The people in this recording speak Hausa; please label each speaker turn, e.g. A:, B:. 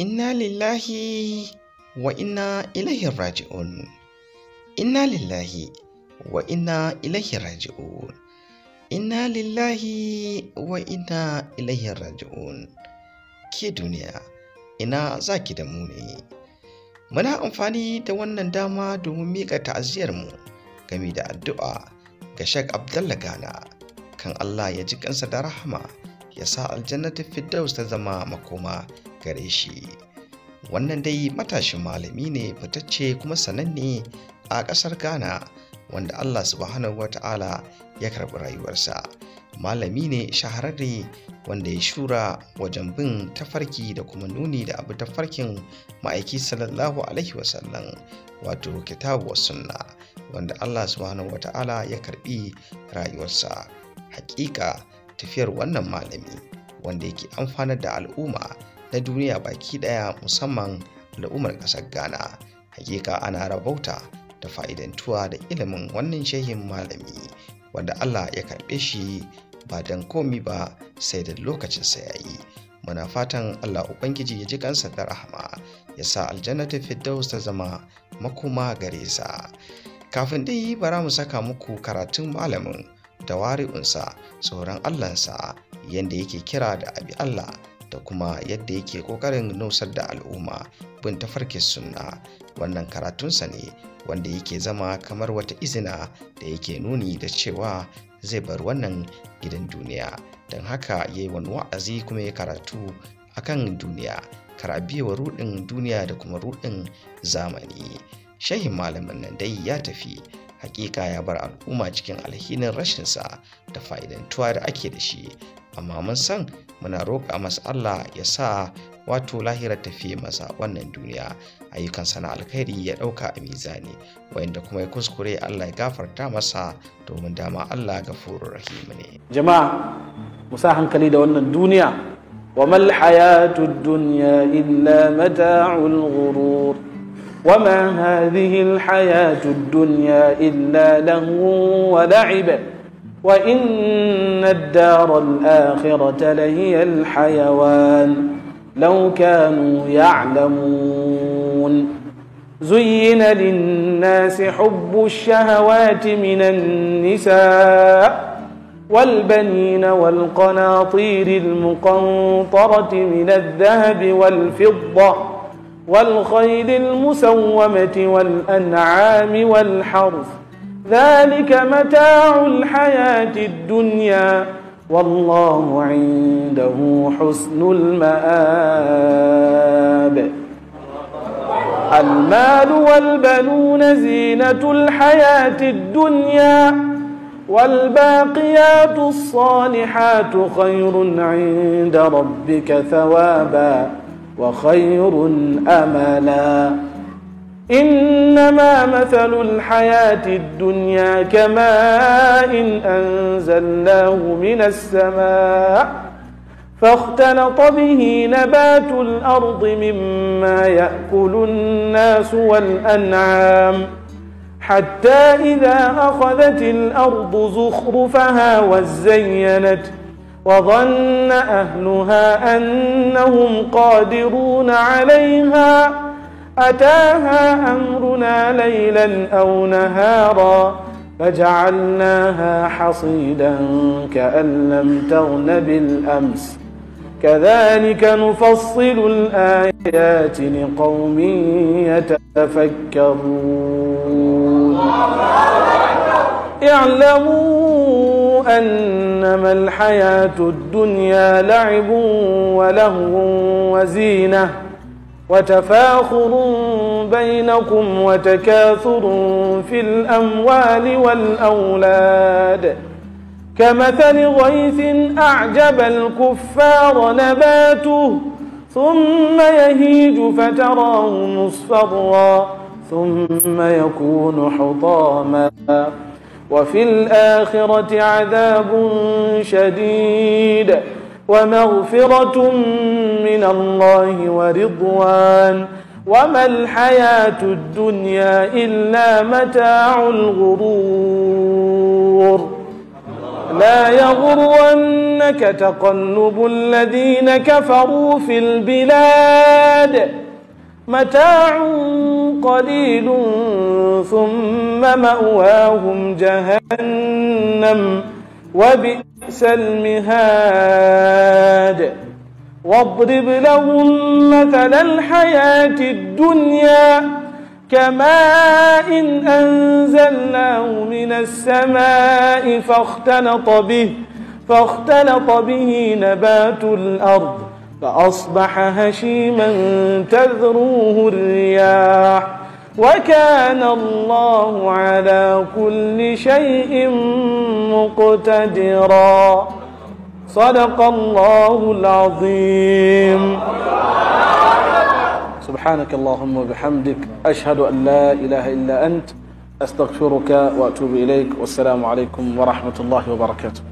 A: Inna lillahi wa inna ilaihi raji'un. Inna lillahi wa inna ilaihi raji'un. Inna lillahi wa inna ilaihi raji'un. Ke duniya, ina za ki da mu ne. Muna amfani da wannan dama domin miƙa mu. gami da addu'a ga Sheikh Abdullah Gana kan Allah ya ji kansa da rahama ya sa aljannatin Firdaus ta zama makoma gare shi wannan dai matashin malami ne fitacce kuma sananne a ƙasar ghana wanda allah subhanahu wa ta'ala ya karɓi rayuwarsa malami ne shahararre wanda ya shura wajen bin tafarki da kuma nuni da abu tafarkin ma'aiki sallallahu alaihi wasallam wato kitabu wa sunna wanda allah subhanahu wa ta'ala ya karɓi rayuwarsa hakika tafiyar wannan malami wanda yake amfanar da al'umma na duniya baki daya musamman al'ummar kasar ghana hakika ana rabauta da fa'idantuwa da ilimin wannan shehin malami wanda allah ya karɓe shi ba don komi ba sai da lokacinsa ya yi muna fatan allah ubangiji ya ji kansa da rahama ya sa ta firdaus ta zama makoma gare sa kafin dai bara mu saka muku karatun malamin da wari'unsa sauran allansa yadda yake kira da abi allah da kuma yadda yake ƙoƙarin nusar da al'umma bin tafarkin sunna wannan karatunsa ne wanda yake zama kamar wata izina da yake nuni da cewa zai bar wannan gidan duniya don haka ya yi wani wa'azi kuma ya karatu akan duniya karabiwa rudin duniya da kuma rudin zamani shehin malamin nan dai ya tafi hakika ya bar al'umma cikin alhinin rashinsa da fa'idantuwa da ake da shi amma mun san muna roƙa masa Allah ya sa wato lahirar tafi masa wannan duniya ayyukan sana alkhairi ya ɗauka a mizani wayanda kuma ya kuskure Allah ya gafarta masa domin dama Allah ga rahim ne
B: jama'a musa hankali da wannan duniya wa mal hayatud dunya illa mata'ul ghurur al هذه dunya illa lahu wa ولعب وإن الدار الآخرة لهي الحيوان لو كانوا يعلمون زين للناس حب الشهوات من النساء والبنين والقناطير المقنطرة من الذهب والفضة والخيل المسومة والأنعام والحرث ذلك متاع الحياة الدنيا والله عنده حسن المآب المال والبنون زينة الحياة الدنيا والباقيات الصالحات خير عند ربك ثوابا وخير املا إنما مثل الحياة الدنيا كماء إن أنزلناه من السماء فاختلط به نبات الأرض مما يأكل الناس والأنعام حتى إذا أخذت الأرض زخرفها وزينت وظن أهلها أنهم قادرون عليها أتاها أمرنا ليلا أو نهارا فجعلناها حصيدا كأن لم تغن بالأمس كذلك نفصل الآيات لقوم يتفكرون اعلموا أنما الحياة الدنيا لعب وله وزينه وتفاخر بينكم وتكاثر في الأموال والأولاد كمثل غيث أعجب الكفار نباته ثم يهيج فتراه مصفرا ثم يكون حطاما وفي الآخرة عذاب شديد ومغفرة من الله ورضوان وما الحياة الدنيا إلا متاع الغرور لا يغرنك تقلب الذين كفروا في البلاد متاع قليل ثم مأواهم جهنم وبئس بئس المهاد واضرب لهم مثل الحياة الدنيا كماء إن أنزلناه من السماء فاختلط به فاختلط به نبات الأرض فأصبح هشيما تذروه الرياح وكان الله على كل شيء مقتدرا صدق الله العظيم سبحانك اللهم وبحمدك أشهد أن لا إله إلا أنت أستغفرك وأتوب إليك والسلام عليكم ورحمة الله وبركاته